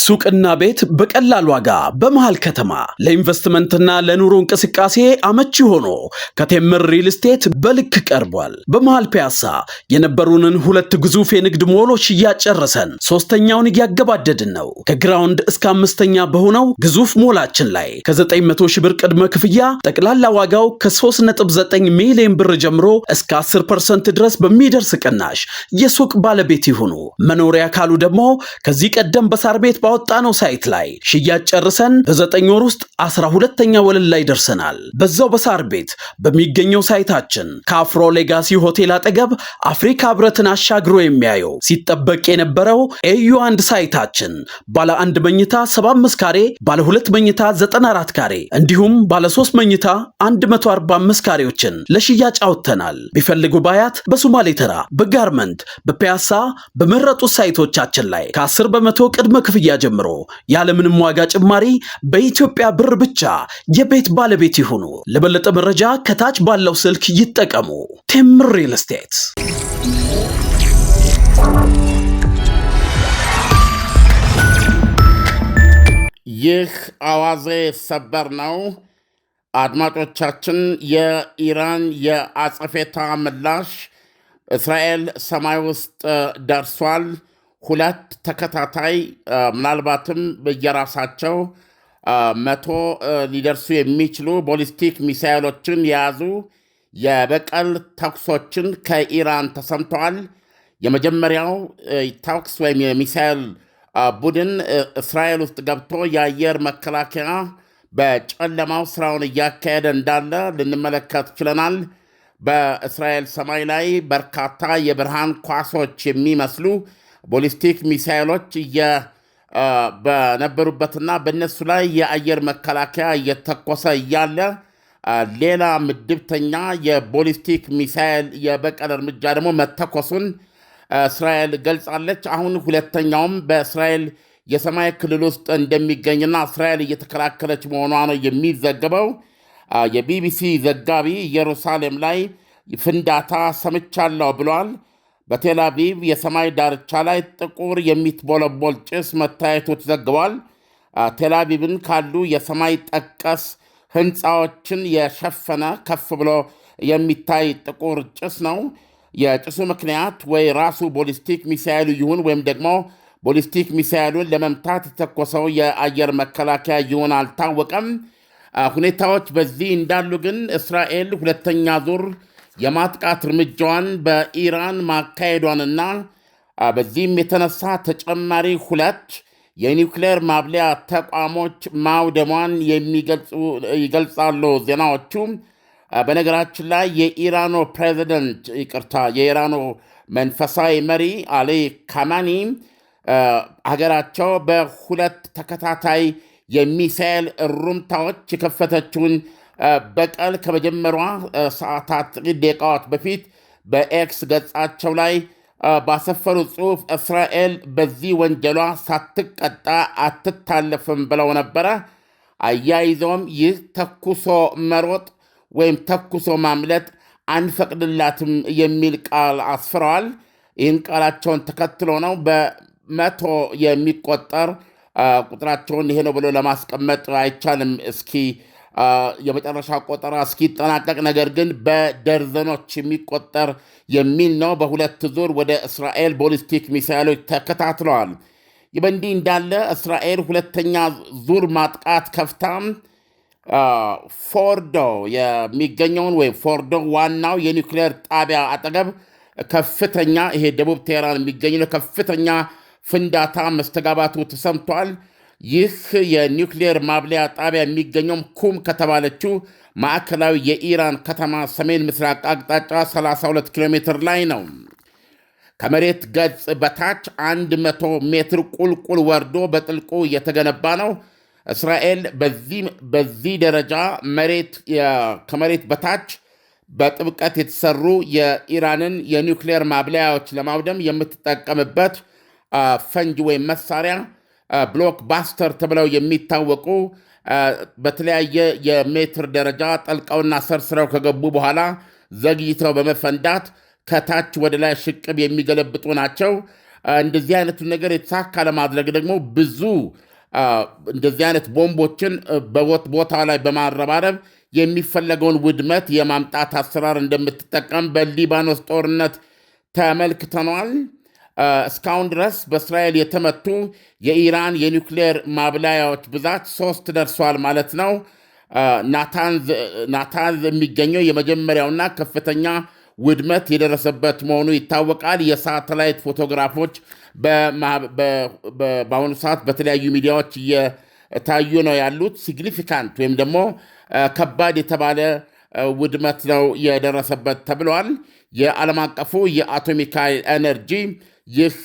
ሱቅና ቤት በቀላል ዋጋ በመሃል ከተማ ለኢንቨስትመንትና ለኑሮ እንቅስቃሴ አመቺ ሆኖ ከቴምር ሪል ስቴት በልክ ቀርቧል። በመሃል ፒያሳ የነበሩንን ሁለት ግዙፍ የንግድ ሞሎች እያጨረሰን ሶስተኛውን እያገባደድን ነው። ከግራውንድ እስከ አምስተኛ በሆነው ግዙፍ ሞላችን ላይ ከ900 ሺህ ብር ቅድመ ክፍያ ጠቅላላ ዋጋው ከ3.9 ሚሊዮን ብር ጀምሮ እስከ 10 ፐርሰንት ድረስ በሚደርስ ቅናሽ የሱቅ ባለቤት ይሁኑ። መኖሪያ ካሉ ደግሞ ከዚህ ቀደም በሳር ቤት ባወጣነው ሳይት ላይ ሽያጭ ጨርሰን በዘጠኝ ወር ውስጥ አስራ ሁለተኛ ወለል ላይ ደርሰናል። በዛው በሳር ቤት በሚገኘው ሳይታችን ከአፍሮ ሌጋሲ ሆቴል አጠገብ አፍሪካ ህብረትን አሻግሮ የሚያየው ሲጠበቅ የነበረው ኤዩ አንድ ሳይታችን ባለ አንድ መኝታ 75 ካሬ፣ ባለ ሁለት መኝታ 94 ካሬ እንዲሁም ባለ ሶስት መኝታ 145 ካሬዎችን ለሽያጭ አውጥተናል። ቢፈልጉ ባያት፣ በሶማሌ ተራ፣ በጋርመንት፣ በፒያሳ በመረጡት ሳይቶቻችን ላይ ከ10 በመቶ ቅድመ ክፍያ ክፍያ ጀምሮ ያለምንም ዋጋ ጭማሪ በኢትዮጵያ ብር ብቻ የቤት ባለቤት ይሁኑ። ለበለጠ መረጃ ከታች ባለው ስልክ ይጠቀሙ። ቴምር ሪል ስቴት። ይህ አዋዜ ሰበር ነው። አድማጮቻችን፣ የኢራን የአጸፌታ ምላሽ እስራኤል ሰማይ ውስጥ ደርሷል። ሁለት ተከታታይ ምናልባትም በየራሳቸው መቶ ሊደርሱ የሚችሉ ቦሊስቲክ ሚሳይሎችን የያዙ የበቀል ተኩሶችን ከኢራን ተሰምተዋል። የመጀመሪያው ተኩስ ወይም የሚሳይል ቡድን እስራኤል ውስጥ ገብቶ የአየር መከላከያ በጨለማው ስራውን እያካሄደ እንዳለ ልንመለከት ችለናል። በእስራኤል ሰማይ ላይ በርካታ የብርሃን ኳሶች የሚመስሉ ቦሊስቲክ ሚሳይሎች በነበሩበትና በእነሱ ላይ የአየር መከላከያ እየተኮሰ እያለ ሌላ ምድብተኛ የቦሊስቲክ ሚሳይል የበቀል እርምጃ ደግሞ መተኮሱን እስራኤል ገልጻለች። አሁን ሁለተኛውም በእስራኤል የሰማይ ክልል ውስጥ እንደሚገኝና እስራኤል እየተከላከለች መሆኗ ነው የሚዘገበው። የቢቢሲ ዘጋቢ ኢየሩሳሌም ላይ ፍንዳታ ሰምቻለሁ ብሏል። በቴል አቪቭ የሰማይ ዳርቻ ላይ ጥቁር የሚትቦለቦል ጭስ መታየቱ ተዘግቧል። ቴል አቪቭን ካሉ የሰማይ ጠቀስ ህንፃዎችን የሸፈነ ከፍ ብሎ የሚታይ ጥቁር ጭስ ነው። የጭሱ ምክንያት ወይ ራሱ ቦሊስቲክ ሚሳይሉ ይሁን ወይም ደግሞ ቦሊስቲክ ሚሳይሉን ለመምታት የተኮሰው የአየር መከላከያ ይሁን አልታወቀም። ሁኔታዎች በዚህ እንዳሉ ግን እስራኤል ሁለተኛ ዙር የማጥቃት እርምጃዋን በኢራን ማካሄዷንና በዚህም የተነሳ ተጨማሪ ሁለት የኒውክሌር ማብለያ ተቋሞች ማውደሟን ይገልጻሉ ዜናዎቹ። በነገራችን ላይ የኢራኑ ፕሬዚደንት ይቅርታ፣ የኢራኑ መንፈሳዊ መሪ አሊ ካማኒ ሀገራቸው በሁለት ተከታታይ የሚሳኤል እሩምታዎች የከፈተችውን በቀል ከመጀመሯ ሰዓታት ጥቂት ደቂቃዎች በፊት በኤክስ ገጻቸው ላይ ባሰፈሩ ጽሑፍ እስራኤል በዚህ ወንጀሏ ሳትቀጣ አትታለፍም ብለው ነበረ። አያይዘውም ይህ ተኩሶ መሮጥ ወይም ተኩሶ ማምለጥ አንፈቅድላትም የሚል ቃል አስፍረዋል። ይህን ቃላቸውን ተከትሎ ነው በመቶ የሚቆጠር ቁጥራቸውን ይሄ ነው ብሎ ለማስቀመጥ አይቻልም። እስኪ የመጨረሻ ቆጠራ እስኪጠናቀቅ ነገር ግን በደርዘኖች የሚቆጠር የሚል ነው። በሁለት ዙር ወደ እስራኤል ቦሊስቲክ ሚሳይሎች ተከታትለዋል። በእንዲህ እንዳለ እስራኤል ሁለተኛ ዙር ማጥቃት ከፍታም ፎርዶ የሚገኘውን ወይም ፎርዶ ዋናው የኒውክሌር ጣቢያ አጠገብ ከፍተኛ ይሄ ደቡብ ቴህራን የሚገኘው ከፍተኛ ፍንዳታ መስተጋባቱ ተሰምቷል። ይህ የኒውክሌር ማብለያ ጣቢያ የሚገኘውም ኩም ከተባለችው ማዕከላዊ የኢራን ከተማ ሰሜን ምስራቅ አቅጣጫ 32 ኪሎ ሜትር ላይ ነው። ከመሬት ገጽ በታች 100 ሜትር ቁልቁል ወርዶ በጥልቁ የተገነባ ነው። እስራኤል በዚህ ደረጃ ከመሬት በታች በጥብቀት የተሰሩ የኢራንን የኒውክሌር ማብለያዎች ለማውደም የምትጠቀምበት ፈንጅ ወይም መሳሪያ ብሎክባስተር ተብለው የሚታወቁ በተለያየ የሜትር ደረጃ ጠልቀውና ሰርስረው ከገቡ በኋላ ዘግይተው በመፈንዳት ከታች ወደ ላይ ሽቅብ የሚገለብጡ ናቸው። እንደዚህ አይነቱን ነገር የተሳካ ለማድረግ ደግሞ ብዙ እንደዚህ አይነት ቦምቦችን ቦታ ላይ በማረባረብ የሚፈለገውን ውድመት የማምጣት አሰራር እንደምትጠቀም በሊባኖስ ጦርነት ተመልክተነዋል። እስካሁን ድረስ በእስራኤል የተመቱ የኢራን የኒውክሌር ማብላያዎች ብዛት ሶስት ደርሷል ማለት ነው። ናታንዝ የሚገኘው የመጀመሪያውና ከፍተኛ ውድመት የደረሰበት መሆኑ ይታወቃል። የሳተላይት ፎቶግራፎች በአሁኑ ሰዓት በተለያዩ ሚዲያዎች እየታዩ ነው ያሉት። ሲግኒፊካንት ወይም ደግሞ ከባድ የተባለ ውድመት ነው የደረሰበት ተብለዋል። የዓለም አቀፉ የአቶሚክ ኤነርጂ ይህ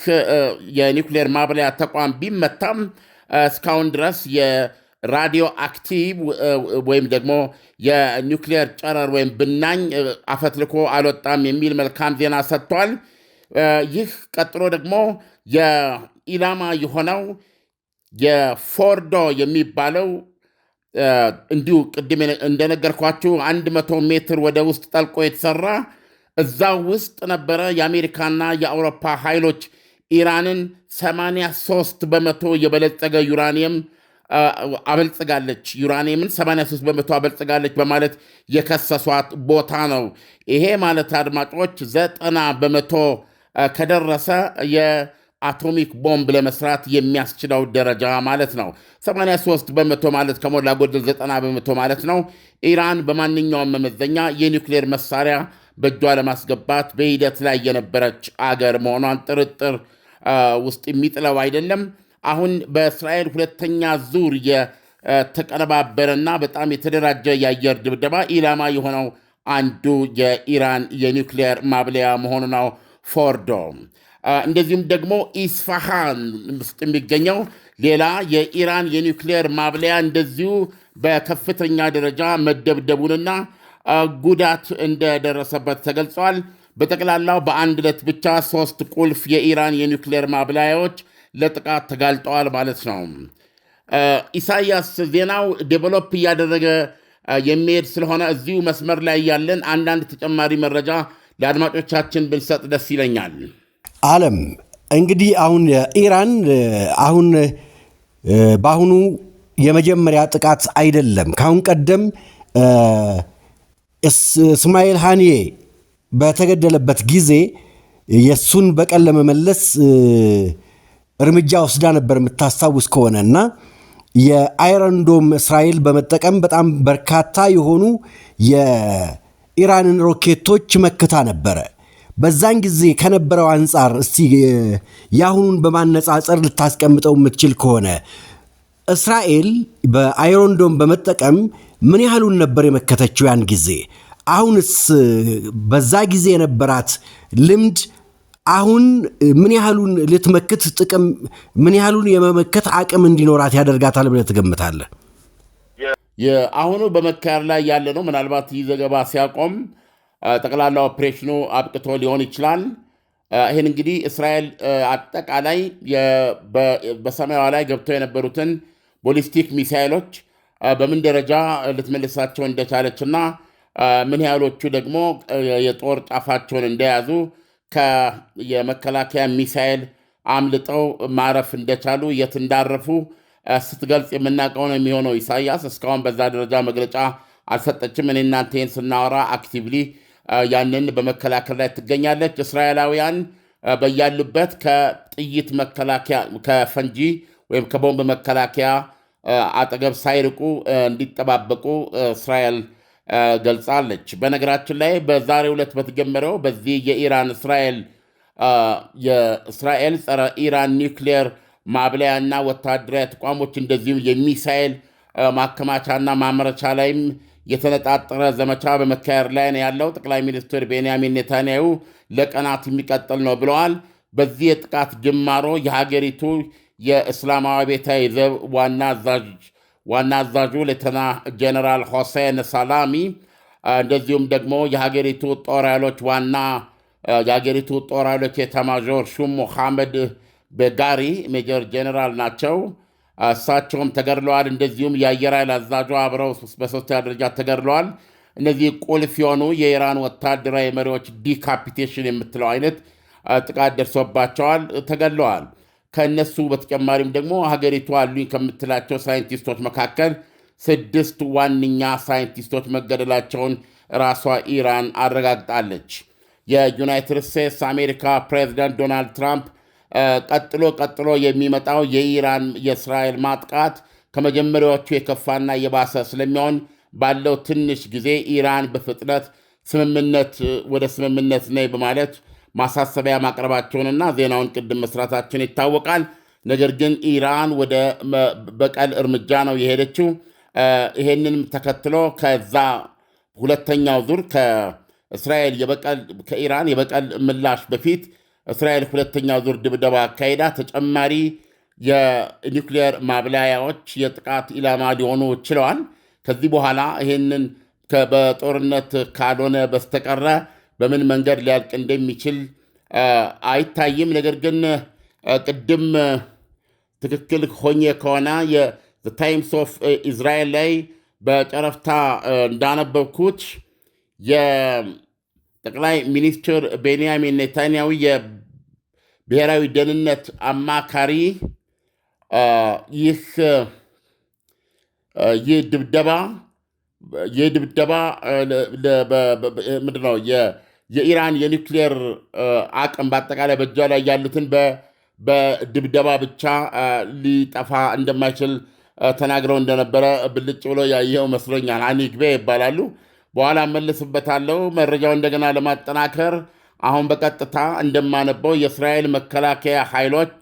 የኒውክሌር ማብለያ ተቋም ቢመታም እስካሁን ድረስ የራዲዮ አክቲቭ ወይም ደግሞ የኒውክሌር ጨረር ወይም ብናኝ አፈትልኮ አልወጣም የሚል መልካም ዜና ሰጥቷል። ይህ ቀጥሎ ደግሞ የኢላማ የሆነው የፎርዶ የሚባለው እንዲሁ ቅድም እንደነገርኳችሁ አንድ መቶ ሜትር ወደ ውስጥ ጠልቆ የተሰራ እዛ ውስጥ ነበረ የአሜሪካና የአውሮፓ ኃይሎች ኢራንን 83 በመቶ የበለጸገ ዩራኒየም አበልጽጋለች ዩራኒየምን 83 በመቶ አበልጽጋለች በማለት የከሰሷት ቦታ ነው። ይሄ ማለት አድማጮች ዘጠና በመቶ ከደረሰ የአቶሚክ ቦምብ ለመስራት የሚያስችለው ደረጃ ማለት ነው። 83 በመቶ ማለት ከሞላ ጎደል 90 በመቶ ማለት ነው። ኢራን በማንኛውም መመዘኛ የኒውክሌር መሳሪያ በእጇ ለማስገባት በሂደት ላይ የነበረች አገር መሆኗን ጥርጥር ውስጥ የሚጥለው አይደለም። አሁን በእስራኤል ሁለተኛ ዙር የተቀነባበረና በጣም የተደራጀ የአየር ድብደባ ኢላማ የሆነው አንዱ የኢራን የኒውክሊየር ማብለያ መሆኑ ነው ፎርዶ። እንደዚሁም ደግሞ ኢስፋሃን ውስጥ የሚገኘው ሌላ የኢራን የኒውክሊየር ማብለያ እንደዚሁ በከፍተኛ ደረጃ መደብደቡንና ጉዳት እንደደረሰበት ተገልጿል። በጠቅላላው በአንድ ዕለት ብቻ ሶስት ቁልፍ የኢራን የኒውክሌር ማብላያዎች ለጥቃት ተጋልጠዋል ማለት ነው። ኢሳያስ፣ ዜናው ዴቨሎፕ እያደረገ የሚሄድ ስለሆነ እዚሁ መስመር ላይ ያለን አንዳንድ ተጨማሪ መረጃ ለአድማጮቻችን ብንሰጥ ደስ ይለኛል። አለም እንግዲህ አሁን ኢራን አሁን በአሁኑ የመጀመሪያ ጥቃት አይደለም ከአሁን ቀደም እስማኤል ሃኒዬ በተገደለበት ጊዜ የእሱን በቀል ለመመለስ እርምጃ ወስዳ ነበር የምታስታውስ ከሆነ እና የአይረንዶም እስራኤል በመጠቀም በጣም በርካታ የሆኑ የኢራንን ሮኬቶች መክታ ነበረ። በዛን ጊዜ ከነበረው አንጻር እስቲ የአሁኑን በማነጻጸር ልታስቀምጠው የምትችል ከሆነ እስራኤል በአይሮንዶም በመጠቀም ምን ያህሉን ነበር የመከተችው ያን ጊዜ? አሁንስ በዛ ጊዜ የነበራት ልምድ አሁን ምን ያህሉን ልትመክት ጥቅም ምን ያህሉን የመመከት አቅም እንዲኖራት ያደርጋታል ብለህ ትገምታለህ? የአሁኑ በመካሄድ ላይ ያለ ነው። ምናልባት ይህ ዘገባ ሲያቆም ጠቅላላ ኦፕሬሽኑ አብቅቶ ሊሆን ይችላል። ይህን እንግዲህ እስራኤል አጠቃላይ በሰማያዋ ላይ ገብተው የነበሩትን ቦሊስቲክ ሚሳይሎች በምን ደረጃ ልትመልሳቸው እንደቻለችና ምን ያህሎቹ ደግሞ የጦር ጫፋቸውን እንደያዙ የመከላከያ ሚሳይል አምልጠው ማረፍ እንደቻሉ የት እንዳረፉ ስትገልጽ የምናውቀው ነው የሚሆነው። ኢሳያስ እስካሁን በዛ ደረጃ መግለጫ አልሰጠችም። እኔ እናንተን ስናወራ አክቲቭሊ ያንን በመከላከል ላይ ትገኛለች። እስራኤላውያን በያሉበት ከጥይት መከላከያ ከፈንጂ ወይም ከቦምብ መከላከያ አጠገብ ሳይርቁ እንዲጠባበቁ እስራኤል ገልጻለች። በነገራችን ላይ በዛሬ ዕለት በተጀመረው በዚህ የኢራን እስራኤል የእስራኤል ጸረ ኢራን ማብለያ ማብለያና ወታደራዊ ተቋሞች እንደዚሁም የሚሳኤል ማከማቻና ማምረቻ ላይም የተነጣጠረ ዘመቻ በመካሄድ ላይ ነው ያለው። ጠቅላይ ሚኒስትር ቤንያሚን ኔታንያሁ ለቀናት የሚቀጥል ነው ብለዋል። በዚህ የጥቃት ጅማሮ የሀገሪቱ የእስላማዊ ቤታዊ ዘብ ዋና አዛዡ ሌተና ጀነራል ሆሴን ሳላሚ እንደዚሁም ደግሞ የሀገሪቱ ጦር ኃይሎች ዋና የሀገሪቱ ጦር ኃይሎች የተማዦር ሹም ሙሐመድ በጋሪ ሜጀር ጀነራል ናቸው። እሳቸውም ተገድለዋል። እንደዚሁም የአየር ኃይል አዛዡ አብረው በሶስተኛ ደረጃ ተገድለዋል። እነዚህ ቁልፍ የሆኑ የኢራን ወታደራዊ መሪዎች ዲካፒቴሽን የምትለው አይነት ጥቃት ደርሶባቸዋል፣ ተገድለዋል። ከእነሱ በተጨማሪም ደግሞ ሀገሪቱ አሉኝ ከምትላቸው ሳይንቲስቶች መካከል ስድስት ዋነኛ ሳይንቲስቶች መገደላቸውን ራሷ ኢራን አረጋግጣለች። የዩናይትድ ስቴትስ አሜሪካ ፕሬዚዳንት ዶናልድ ትራምፕ ቀጥሎ ቀጥሎ የሚመጣው የኢራን የእስራኤል ማጥቃት ከመጀመሪያዎቹ የከፋና የባሰ ስለሚሆን ባለው ትንሽ ጊዜ ኢራን በፍጥነት ስምምነት ወደ ስምምነት ነይ በማለት ማሳሰቢያ ማቅረባቸውንና ዜናውን ቅድም መስራታችን ይታወቃል። ነገር ግን ኢራን ወደ በቀል እርምጃ ነው የሄደችው። ይሄንንም ተከትሎ ከዛ ሁለተኛው ዙር ከእስራኤል ከኢራን የበቀል ምላሽ በፊት እስራኤል ሁለተኛው ዙር ድብደባ አካሂዳ ተጨማሪ የኒውክሊየር ማብላያዎች የጥቃት ኢላማ ሊሆኑ ችለዋል። ከዚህ በኋላ ይህንን በጦርነት ካልሆነ በስተቀረ በምን መንገድ ሊያልቅ እንደሚችል አይታይም። ነገር ግን ቅድም ትክክል ሆኜ ከሆነ ታይምስ ኦፍ ኢዝራኤል ላይ በጨረፍታ እንዳነበብኩት የጠቅላይ ሚኒስትር ቤንያሚን ኔታንያዊ የብሔራዊ ደህንነት አማካሪ ይህ ይህ ድብደባ ይህ ድብደባ ምንድን ነው የኢራን የኒክሌር አቅም በአጠቃላይ በእጇ ላይ ያሉትን በድብደባ ብቻ ሊጠፋ እንደማይችል ተናግረው እንደነበረ ብልጭ ብሎ ያየው መስሎኛል። አኒግቤ ይባላሉ። በኋላ መልስበታለው መረጃው እንደገና ለማጠናከር አሁን በቀጥታ እንደማነበው የእስራኤል መከላከያ ኃይሎች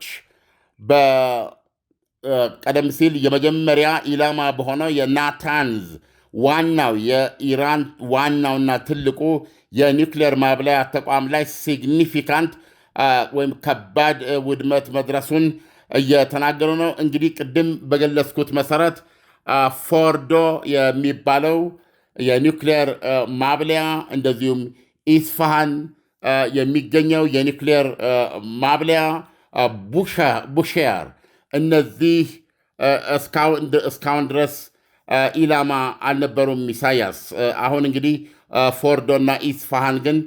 ቀደም ሲል የመጀመሪያ ኢላማ በሆነው የናታንዝ ዋናው የኢራን ዋናውና ትልቁ የኒውክሌር ማብላያ ተቋም ላይ ሲግኒፊካንት ወይም ከባድ ውድመት መድረሱን እየተናገሩ ነው። እንግዲህ ቅድም በገለጽኩት መሰረት ፎርዶ የሚባለው የኒውክሌር ማብለያ እንደዚሁም ኢስፋሃን የሚገኘው የኒውክሌር ማብለያ ቡሼር እነዚህ እስካሁን ድረስ ኢላማ አልነበሩም ኢሳያስ። አሁን እንግዲህ ፎርዶና ኢስፋሃን ግን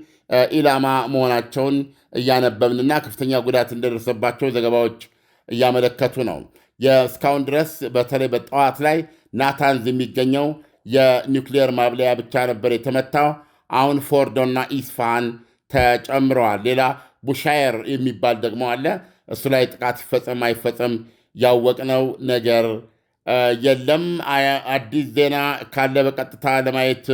ኢላማ መሆናቸውን እያነበብንና ከፍተኛ ጉዳት እንደደረሰባቸው ዘገባዎች እያመለከቱ ነው። የእስካሁን ድረስ በተለይ በጠዋት ላይ ናታንዝ የሚገኘው የኒውክሌር ማብለያ ብቻ ነበር የተመታው። አሁን ፎርዶና ኢስፋሃን ተጨምረዋል። ሌላ ቡሻየር የሚባል ደግሞ አለ። እሱ ላይ ጥቃት ይፈጸም አይፈጸም ያወቅነው ነገር የለም። አዲስ ዜና ካለ በቀጥታ ለማየት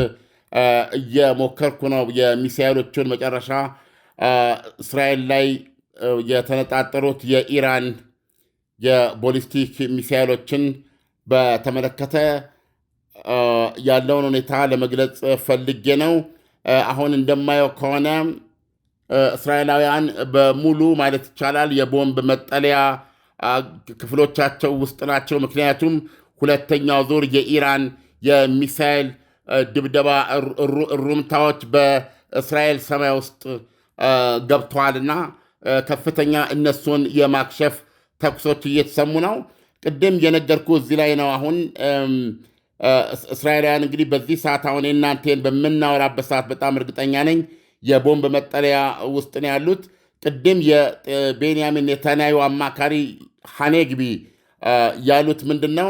እየሞከርኩ ነው። የሚሳይሎቹን መጨረሻ እስራኤል ላይ የተነጣጠሩት የኢራን የቦሊስቲክ ሚሳኤሎችን በተመለከተ ያለውን ሁኔታ ለመግለጽ ፈልጌ ነው። አሁን እንደማየው ከሆነ እስራኤላውያን በሙሉ ማለት ይቻላል የቦምብ መጠለያ ክፍሎቻቸው ውስጥ ናቸው። ምክንያቱም ሁለተኛው ዙር የኢራን የሚሳኤል ድብደባ ሩምታዎች በእስራኤል ሰማይ ውስጥ ገብተዋልና ከፍተኛ እነሱን የማክሸፍ ተኩሶች እየተሰሙ ነው። ቅድም የነገርኩ እዚህ ላይ ነው። አሁን እስራኤላውያን እንግዲህ በዚህ ሰዓት አሁን እናንተን በምናወራበት ሰዓት በጣም እርግጠኛ ነኝ የቦምብ መጠለያ ውስጥ ነው ያሉት። ቅድም የቤንያሚን ኔታንያሁ አማካሪ ሐኔግቢ ያሉት ምንድን ነው?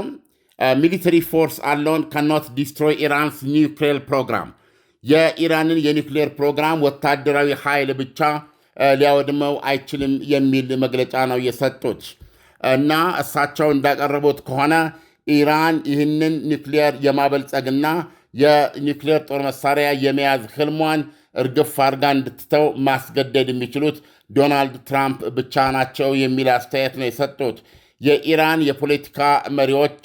ሚሊተሪ ፎርስ አለውን ካኖት ዲስትሮይ ኢራንስ ኒውክሌር ፕሮግራም የኢራንን የኒውክሌር ፕሮግራም ወታደራዊ ኃይል ብቻ ሊያወድመው አይችልም የሚል መግለጫ ነው የሰጡት እና እሳቸው እንዳቀረቡት ከሆነ ኢራን ይህንን ኒውክሌር የማበልጸግና የኒውክሌር ጦር መሳሪያ የመያዝ ህልሟን እርግፍ አድርጋ እንድትተው ማስገደድ የሚችሉት ዶናልድ ትራምፕ ብቻ ናቸው የሚል አስተያየት ነው የሰጡት። የኢራን የፖለቲካ መሪዎች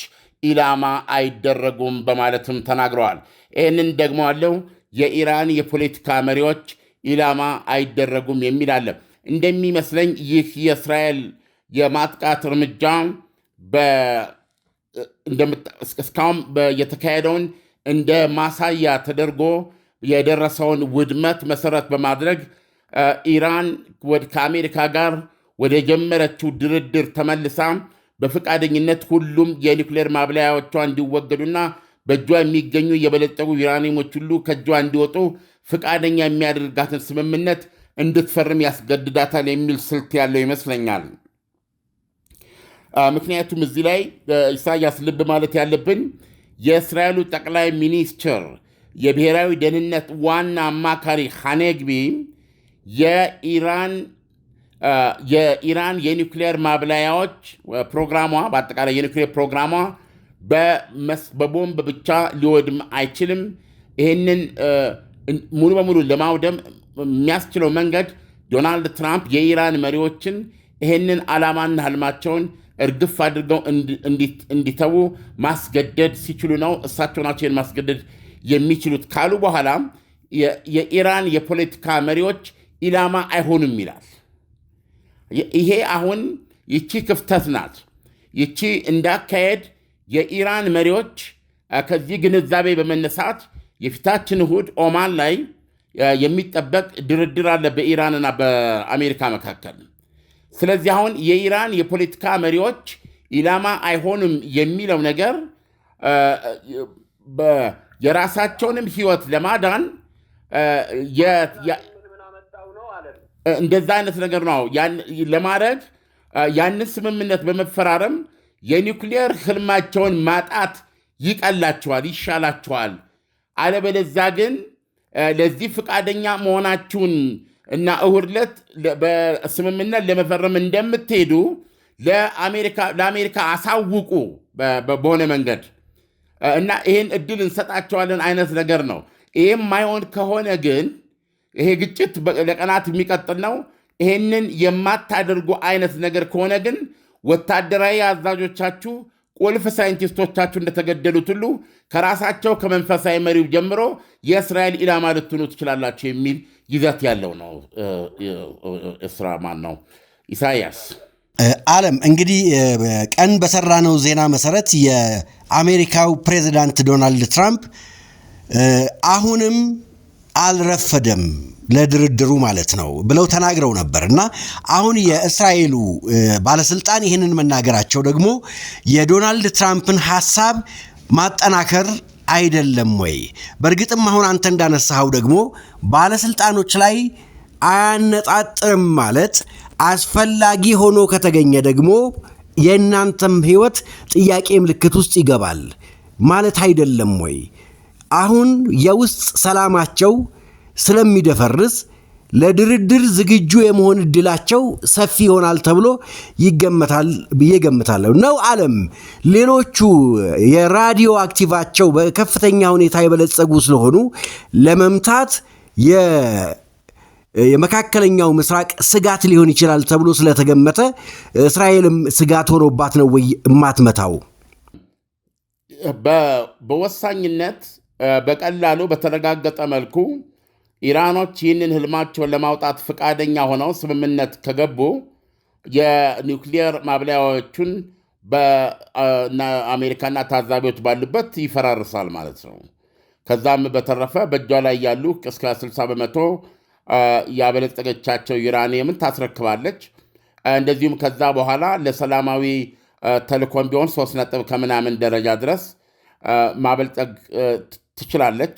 ኢላማ አይደረጉም በማለትም ተናግረዋል። ይህንን ደግሞ አለው የኢራን የፖለቲካ መሪዎች ኢላማ አይደረጉም የሚል አለ። እንደሚመስለኝ ይህ የእስራኤል የማጥቃት እርምጃ እስካሁን የተካሄደውን እንደ ማሳያ ተደርጎ የደረሰውን ውድመት መሰረት በማድረግ ኢራን ከአሜሪካ ጋር ወደ ጀመረችው ድርድር ተመልሳ በፈቃደኝነት ሁሉም የኒውክሌር ማብላያዎቿ እንዲወገዱና በእጇ የሚገኙ የበለጸጉ ዩራኒሞች ሁሉ ከእጇ እንዲወጡ ፈቃደኛ የሚያደርጋትን ስምምነት እንድትፈርም ያስገድዳታል የሚል ስልት ያለው ይመስለኛል። ምክንያቱም እዚህ ላይ ኢሳያስ ልብ ማለት ያለብን የእስራኤሉ ጠቅላይ ሚኒስትር የብሔራዊ ደህንነት ዋና አማካሪ ሐኔግቢ የኢራን የኢራን የኒውክሌር ማብላያዎች ፕሮግራሟ በአጠቃላይ የኒውክሌር ፕሮግራሟ በቦምብ ብቻ ሊወድም አይችልም። ይህንን ሙሉ በሙሉ ለማውደም የሚያስችለው መንገድ ዶናልድ ትራምፕ የኢራን መሪዎችን ይህንን ዓላማና ህልማቸውን እርግፍ አድርገው እንዲተዉ ማስገደድ ሲችሉ ነው። እሳቸው ናቸው ማስገደድ የሚችሉት ካሉ በኋላ የኢራን የፖለቲካ መሪዎች ኢላማ አይሆንም ይላል። ይሄ አሁን ይቺ ክፍተት ናት። ይቺ እንዳካሄድ የኢራን መሪዎች ከዚህ ግንዛቤ በመነሳት የፊታችን እሁድ ኦማን ላይ የሚጠበቅ ድርድር አለ በኢራንና በአሜሪካ መካከል። ስለዚህ አሁን የኢራን የፖለቲካ መሪዎች ኢላማ አይሆንም የሚለው ነገር የራሳቸውንም ሕይወት ለማዳን እንደዛ አይነት ነገር ነው ለማድረግ ያንን ስምምነት በመፈራረም የኒውክሊየር ህልማቸውን ማጣት ይቀላቸዋል፣ ይሻላቸዋል። አለበለዛ ግን ለዚህ ፈቃደኛ መሆናችሁን እና እሁድ ዕለት በስምምነት ለመፈረም እንደምትሄዱ ለአሜሪካ አሳውቁ በሆነ መንገድ እና ይህን እድል እንሰጣቸዋለን አይነት ነገር ነው። ይህም ማይሆን ከሆነ ግን ይሄ ግጭት ለቀናት የሚቀጥል ነው። ይሄንን የማታደርጉ አይነት ነገር ከሆነ ግን ወታደራዊ አዛዦቻችሁ ቁልፍ ሳይንቲስቶቻችሁ እንደተገደሉት ሁሉ ከራሳቸው ከመንፈሳዊ መሪው ጀምሮ የእስራኤል ኢላማ ልትኑ ትችላላችሁ የሚል ይዘት ያለው ነው። እስራ ማን ነው? ኢሳያስ አለም። እንግዲህ ቀን በሰራነው ዜና መሰረት የአሜሪካው ፕሬዚዳንት ዶናልድ ትራምፕ አሁንም አልረፈደም ለድርድሩ ማለት ነው ብለው ተናግረው ነበር እና አሁን የእስራኤሉ ባለስልጣን ይህንን መናገራቸው ደግሞ የዶናልድ ትራምፕን ሀሳብ ማጠናከር አይደለም ወይ? በእርግጥም አሁን አንተ እንዳነሳኸው ደግሞ ባለስልጣኖች ላይ አያነጣጥርም ማለት አስፈላጊ ሆኖ ከተገኘ ደግሞ የእናንተም ሕይወት ጥያቄ ምልክት ውስጥ ይገባል ማለት አይደለም ወይ? አሁን የውስጥ ሰላማቸው ስለሚደፈርስ ለድርድር ዝግጁ የመሆን እድላቸው ሰፊ ይሆናል ተብሎ ይገመታል ብዬ ገምታለሁ። ነው አለም ሌሎቹ የራዲዮ አክቲቫቸው በከፍተኛ ሁኔታ የበለጸጉ ስለሆኑ ለመምታት የመካከለኛው ምስራቅ ስጋት ሊሆን ይችላል ተብሎ ስለተገመተ እስራኤልም ስጋት ሆኖባት ነው ወይ እማትመታው? በወሳኝነት በቀላሉ በተረጋገጠ መልኩ ኢራኖች ይህንን ህልማቸውን ለማውጣት ፈቃደኛ ሆነው ስምምነት ከገቡ የኒውክሊየር ማብለያዎቹን በአሜሪካና ታዛቢዎች ባሉበት ይፈራርሳል ማለት ነው። ከዛም በተረፈ በእጇ ላይ ያሉ እስከ 60 በመቶ ያበለጸገቻቸው ዩራኒየምን ታስረክባለች። እንደዚሁም ከዛ በኋላ ለሰላማዊ ተልእኮም ቢሆን ሶስት ነጥብ ከምናምን ደረጃ ድረስ ማበልጸግ ትችላለች።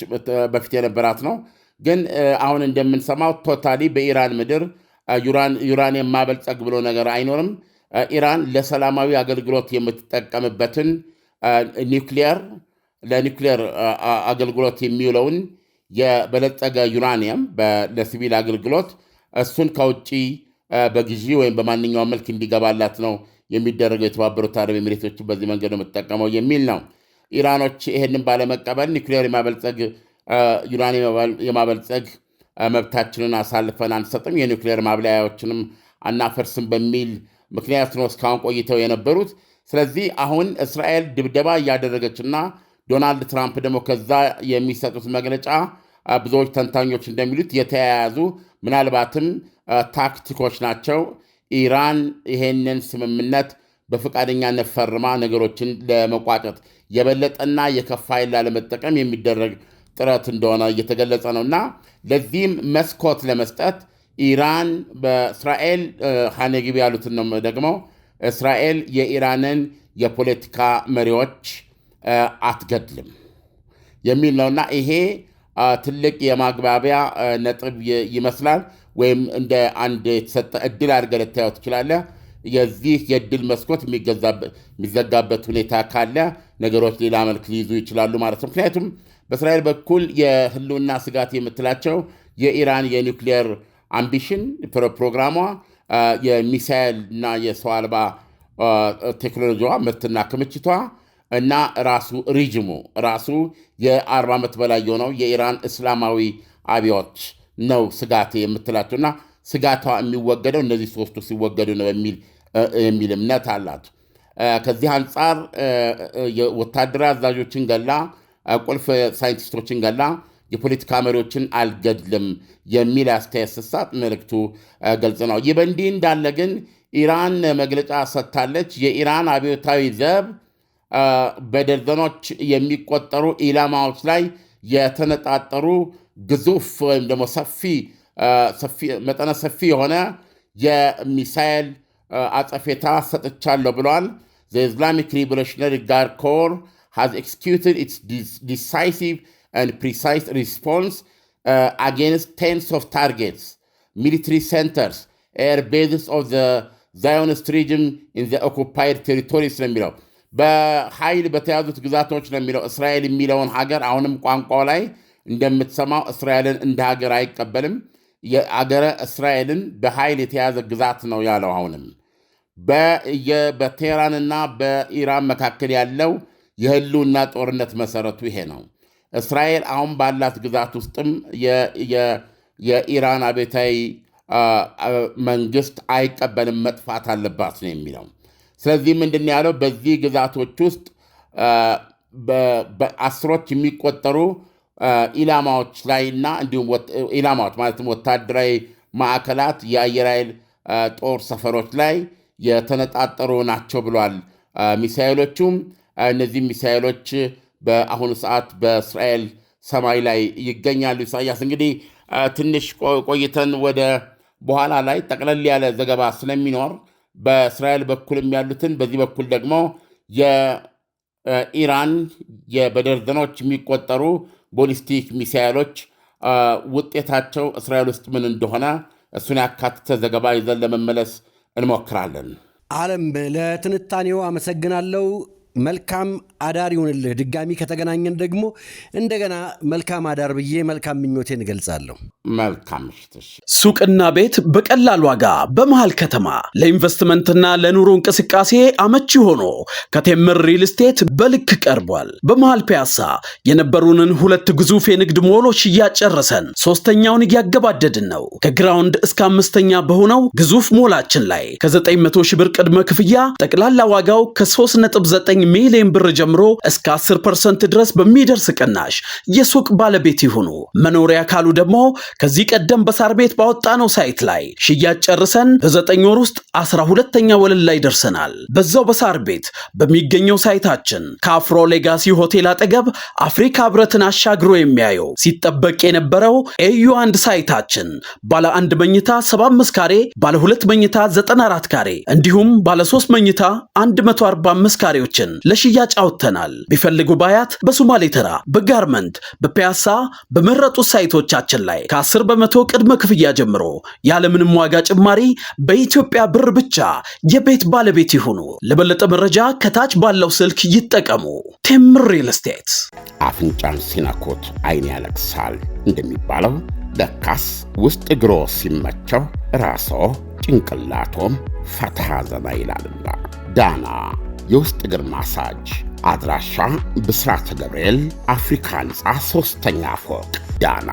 በፊት የነበራት ነው። ግን አሁን እንደምንሰማው ቶታሊ በኢራን ምድር ዩራኒየም ማበልጸግ ብሎ ነገር አይኖርም። ኢራን ለሰላማዊ አገልግሎት የምትጠቀምበትን ኒውክሊየር ለኒውክሊየር አገልግሎት የሚውለውን የበለጸገ ዩራኒየም ለሲቪል አገልግሎት እሱን ከውጭ በግዢ ወይም በማንኛውም መልክ እንዲገባላት ነው የሚደረገው። የተባበሩት አረብ ኤሚሬቶችን በዚህ መንገድ የምትጠቀመው የሚል ነው። ኢራኖች ይህንን ባለመቀበል ኒውክሊየር የማበልጸግ ዩራን የማበልጸግ መብታችንን አሳልፈን አንሰጥም፣ የኒውክሌር ማብላያዎችንም አናፈርስም በሚል ምክንያት ነው እስካሁን ቆይተው የነበሩት። ስለዚህ አሁን እስራኤል ድብደባ እያደረገችና ዶናልድ ትራምፕ ደግሞ ከዛ የሚሰጡት መግለጫ ብዙዎች ተንታኞች እንደሚሉት የተያያዙ ምናልባትም ታክቲኮች ናቸው። ኢራን ይሄንን ስምምነት በፈቃደኛነት ፈርማ ነገሮችን ለመቋጨት የበለጠና የከፋይን ላለመጠቀም የሚደረግ ጥረት እንደሆነ እየተገለጸ ነው እና ለዚህም መስኮት ለመስጠት ኢራን በእስራኤል ሀነጊብ ያሉትን ነው ደግሞ እስራኤል የኢራንን የፖለቲካ መሪዎች አትገድልም የሚል እና ይሄ ትልቅ የማግባቢያ ነጥብ ይመስላል። ወይም እንደ አንድ የተሰጠ እድል አድርገ ልታየው ትችላለህ። የዚህ የእድል መስኮት የሚዘጋበት ሁኔታ ካለ ነገሮች ሌላ መልክ ሊይዙ ይችላሉ ማለት ነው ምክንያቱም በእስራኤል በኩል የህልውና ስጋት የምትላቸው የኢራን የኒውክሊየር አምቢሽን ፕሮግራሟ፣ የሚሳይል እና የሰው አልባ ቴክኖሎጂዋ ምርትና ክምችቷ እና ራሱ ሪጅሙ ራሱ የ40 ዓመት በላይ የሆነው የኢራን እስላማዊ አብዮት ነው ስጋት የምትላቸውና ስጋቷ የሚወገደው እነዚህ ሶስቱ ሲወገዱ ነው የሚል እምነት አላት። ከዚህ አንጻር ወታደራዊ አዛዦችን ገላ ቁልፍ ሳይንቲስቶችን ገላ የፖለቲካ መሪዎችን አልገድልም የሚል አስተያየት ስሳት መልእክቱ ገልጽ ነው። ይህ በእንዲህ እንዳለ ግን ኢራን መግለጫ ሰጥታለች። የኢራን አብዮታዊ ዘብ በደርዘኖች የሚቆጠሩ ኢላማዎች ላይ የተነጣጠሩ ግዙፍ ወይም ደግሞ መጠነ ሰፊ የሆነ የሚሳኤል አጸፌታ ሰጥቻለሁ ብሏል። ዘ ኢስላሚክ ሪቮሉሽነሪ ጋርድ ኮር has executed its decisive and precise response uh, against tens of targets, military centers, air bases of the ዛዮኒስት ሪጅም ኢን ዘ ኦኩፓይድ ቴሪቶሪስ ነው የሚለው በኃይል በተያዙት ግዛቶች ነው የሚለው። እስራኤል የሚለውን ሀገር አሁንም ቋንቋው ላይ እንደምትሰማው እስራኤልን እንደ ሀገር አይቀበልም። የአገረ እስራኤልን በኃይል የተያዘ ግዛት ነው ያለው። አሁንም በቴህራንና በኢራን መካከል ያለው የህልውና ጦርነት መሰረቱ ይሄ ነው። እስራኤል አሁን ባላት ግዛት ውስጥም የኢራን አቤታዊ መንግስት አይቀበልም፣ መጥፋት አለባት ነው የሚለው። ስለዚህ ምንድን ያለው በዚህ ግዛቶች ውስጥ በአስሮች የሚቆጠሩ ኢላማዎች ላይና እንዲሁም ኢላማዎች ማለትም ወታደራዊ ማዕከላት፣ የአየር ኃይል ጦር ሰፈሮች ላይ የተነጣጠሩ ናቸው ብሏል። ሚሳኤሎቹም እነዚህ ሚሳኤሎች በአሁኑ ሰዓት በእስራኤል ሰማይ ላይ ይገኛሉ። ኢሳያስ እንግዲህ ትንሽ ቆይተን ወደ በኋላ ላይ ጠቅለል ያለ ዘገባ ስለሚኖር በእስራኤል በኩልም ያሉትን በዚህ በኩል ደግሞ የኢራን በደርዘኖች የሚቆጠሩ ቦሊስቲክ ሚሳኤሎች ውጤታቸው እስራኤል ውስጥ ምን እንደሆነ እሱን ያካትተ ዘገባ ይዘን ለመመለስ እንሞክራለን። አለም ለትንታኔው አመሰግናለሁ። መልካም አዳር ይሁንልህ። ድጋሚ ከተገናኘን ደግሞ እንደገና መልካም አዳር ብዬ መልካም ምኞቴን እገልጻለሁ። መልካም ሱቅና ቤት በቀላል ዋጋ በመሃል ከተማ ለኢንቨስትመንትና ለኑሮ እንቅስቃሴ አመቺ ሆኖ ከቴምር ሪል ስቴት በልክ ቀርቧል። በመሃል ፒያሳ የነበሩንን ሁለት ግዙፍ የንግድ ሞሎች እያጨረሰን ሶስተኛውን እያገባደድን ነው። ከግራውንድ እስከ አምስተኛ በሆነው ግዙፍ ሞላችን ላይ ከ900 ሺህ ብር ቅድመ ክፍያ ጠቅላላ ዋጋው ከ3.9 ሚሊዮን ብር ጀምሮ እስከ 10% ድረስ በሚደርስ ቅናሽ የሱቅ ባለቤት ይሁኑ። መኖሪያ ካሉ ደግሞ ከዚህ ቀደም በሳር ቤት ባወጣነው ሳይት ላይ ሽያጭ ጨርሰን በዘጠኝ ወር ውስጥ 12 ሁለተኛ ወለል ላይ ደርሰናል። በዛው በሳር ቤት በሚገኘው ሳይታችን ከአፍሮ ሌጋሲ ሆቴል አጠገብ አፍሪካ ህብረትን አሻግሮ የሚያየው ሲጠበቅ የነበረው ኤዩ አንድ ሳይታችን ባለ አንድ መኝታ 75 ካሬ፣ ባለ ሁለት መኝታ 94 ካሬ እንዲሁም ባለ ሶስት መኝታ 145 ካሬዎችን አድርገን ለሽያጭ አውጥተናል። ቢፈልጉ ባያት፣ በሶማሌ ተራ፣ በጋርመንት፣ በፒያሳ በመረጡ ሳይቶቻችን ላይ ከ10 በመቶ ቅድመ ክፍያ ጀምሮ ያለምንም ዋጋ ጭማሪ በኢትዮጵያ ብር ብቻ የቤት ባለቤት ይሁኑ። ለበለጠ መረጃ ከታች ባለው ስልክ ይጠቀሙ። ቴምር ሪል ስቴት። አፍንጫን ሲነኩት አይን ያለቅሳል እንደሚባለው ደካስ ውስጥ እግሮ ሲመቸው ራሶ ጭንቅላቶም ፈትሃ ዘና ይላልና ዳና የውስጥ እግር ማሳጅ አድራሻ ብስራተ ገብርኤል አፍሪካ ህንፃ ሶስተኛ ፎቅ ዳና